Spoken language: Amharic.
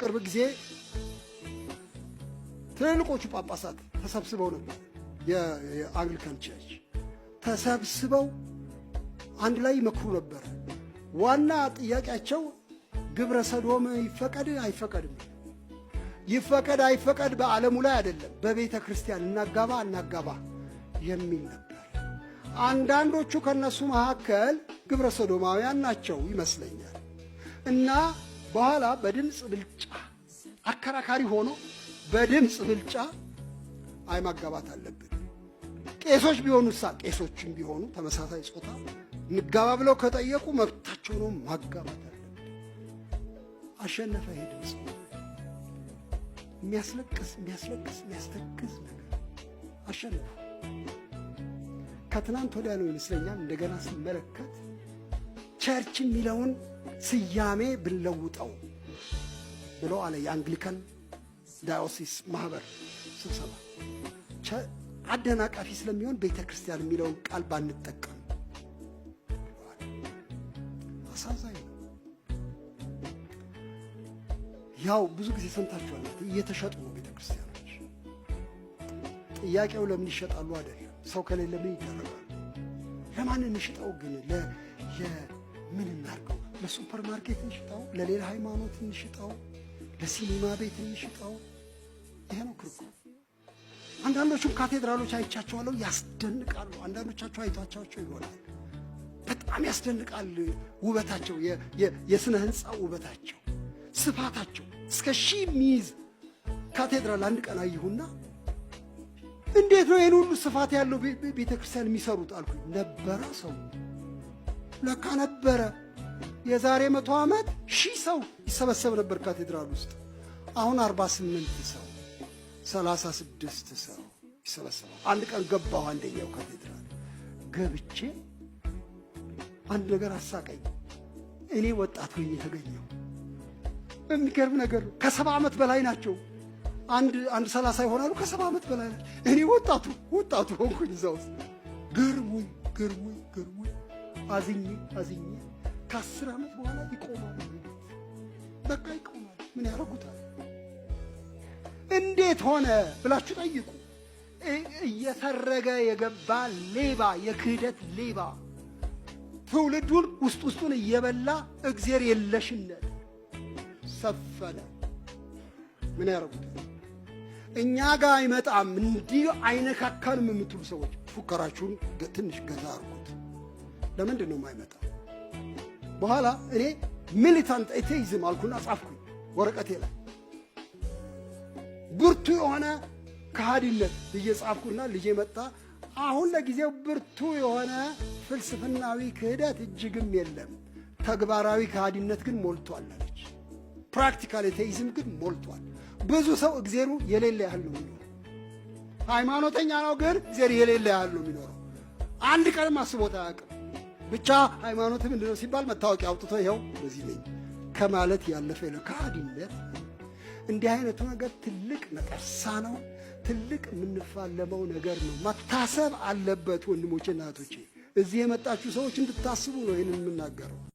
ቅርብ ጊዜ ትልልቆቹ ጳጳሳት ተሰብስበው ነበር። የአንግሊካን ቸርች ተሰብስበው አንድ ላይ ይመክሩ ነበር። ዋና ጥያቄያቸው ግብረ ሰዶም ይፈቀድ አይፈቀድም፣ ይፈቀድ አይፈቀድ በዓለሙ ላይ አይደለም፣ በቤተ ክርስቲያን እናጋባ እናጋባ የሚል ነበር። አንዳንዶቹ ከነሱ መካከል ግብረ ሰዶማውያን ናቸው ይመስለኛል እና በኋላ በድምፅ አከራካሪ ሆኖ በድምፅ ብልጫ አይ ማጋባት አለብን። ቄሶች ቢሆኑሳ ቄሶችም ቢሆኑ ተመሳሳይ ጾታ ንጋባ ብለው ከጠየቁ መብታቸው ነው፣ ማጋባት አለብን። አሸነፈ። ይሄ ድምፅ የሚያስለቅስ የሚያስለቅስ የሚያስተክዝ ነገር አሸነፈ። ከትናንት ወዲያ ነው ይመስለኛል እንደገና ስመለከት ቸርች የሚለውን ስያሜ ብንለውጠው ብሎ አለ የአንግሊካን ዳዮሲስ ማህበር ስብሰባ። አደናቃፊ ስለሚሆን ቤተ ክርስቲያን የሚለውን ቃል ባንጠቀም አሳዛኝ ነው። ያው ብዙ ጊዜ ሰምታችኋል፣ እየተሸጡ ነው ቤተ ክርስቲያኖች። ጥያቄው ለምን ይሸጣሉ አይደለም፣ ሰው ከሌለ ምን ይደረጋል? ለማን እንሽጠው ግን? ለምን እናርገው? ለሱፐር ማርኬት እንሽጠው? ለሌላ ሃይማኖት እንሽጠው? ለሲኒማ ቤት የሚሽጠው ይሄ ነው ክርኩ። አንዳንዶቹም ካቴድራሎች አይቻቸዋለሁ፣ ያስደንቃሉ። አንዳንዶቻቸው አይቷቻቸው ይሆናል። በጣም ያስደንቃል ውበታቸው፣ የስነ ህንፃ ውበታቸው፣ ስፋታቸው እስከ ሺህ የሚይዝ ካቴድራል አንድ ቀን አየሁና እንዴት ነው ይህን ሁሉ ስፋት ያለው ቤተ ክርስቲያን የሚሰሩት አልኩኝ። ነበረ ሰው ለካ ነበረ የዛሬ መቶ ዓመት ሺህ ሰው ይሰበሰብ ነበር ካቴድራል ውስጥ። አሁን 48 ሰው 36 ሰው ይሰበሰባል። አንድ ቀን ገባሁ አንደኛው ካቴድራል ገብቼ አንድ ነገር አሳቀኝ። እኔ ወጣት ሆኜ የተገኘው የሚገርም ነገር ከሰባ ዓመት በላይ ናቸው። አንድ አንድ ሰላሳ ይሆናሉ። ከሰባ ዓመት በላይ ናቸው። እኔ ወጣቱ ወጣቱ ሆንኩኝ እዛ ውስጥ። ግርሙኝ ግርሙኝ ግርሙኝ አዝኜ አዝኜ ከአስር ዓመት በኋላ ይቆማል። በቃ ይቆማል። ምን ያደርጉታል? እንዴት ሆነ ብላችሁ ጠይቁ። እየሰረገ የገባ ሌባ፣ የክህደት ሌባ ትውልዱን ውስጥ ውስጡን እየበላ እግዜር የለሽነት ሰፈነ። ምን ያደርጉታል? እኛ ጋር አይመጣም፣ እንዲህ አይነካካንም የምትሉ ሰዎች ፉከራችሁን ትንሽ ገዛ አድርጉት። ለምንድን ነው የማይመጣ? በኋላ እኔ ሚሊታንት ኤቴይዝም አልኩና ጻፍኩኝ ወረቀቴ ላይ ብርቱ የሆነ ከሃዲነት ብዬ ጻፍኩና ልጄ መጣ። አሁን ለጊዜው ብርቱ የሆነ ፍልስፍናዊ ክህደት እጅግም የለም፣ ተግባራዊ ከሃዲነት ግን ሞልቷል አለች። ፕራክቲካል ኤቴይዝም ግን ሞልቷል። ብዙ ሰው እግዜሩ የሌለ ያህል ነው የሚኖረው። ሃይማኖተኛ ነው ግን እግዜር የሌለ ያህል ነው የሚኖረው። አንድ ቀንም አስቦት አያውቅም። ብቻ ሃይማኖት ምንድን ነው ሲባል መታወቂያ አውጥቶ ይኸው በዚህ ነኝ ከማለት ያለፈ ነው። ከሃዲነት እንዲህ አይነቱ ነገር ትልቅ ነቀርሳ ነው። ትልቅ የምንፋለመው ነገር ነው። መታሰብ አለበት ወንድሞቼ፣ እናቶቼ እዚህ የመጣችሁ ሰዎች እንድታስቡ ነው ይህንን የምናገረው።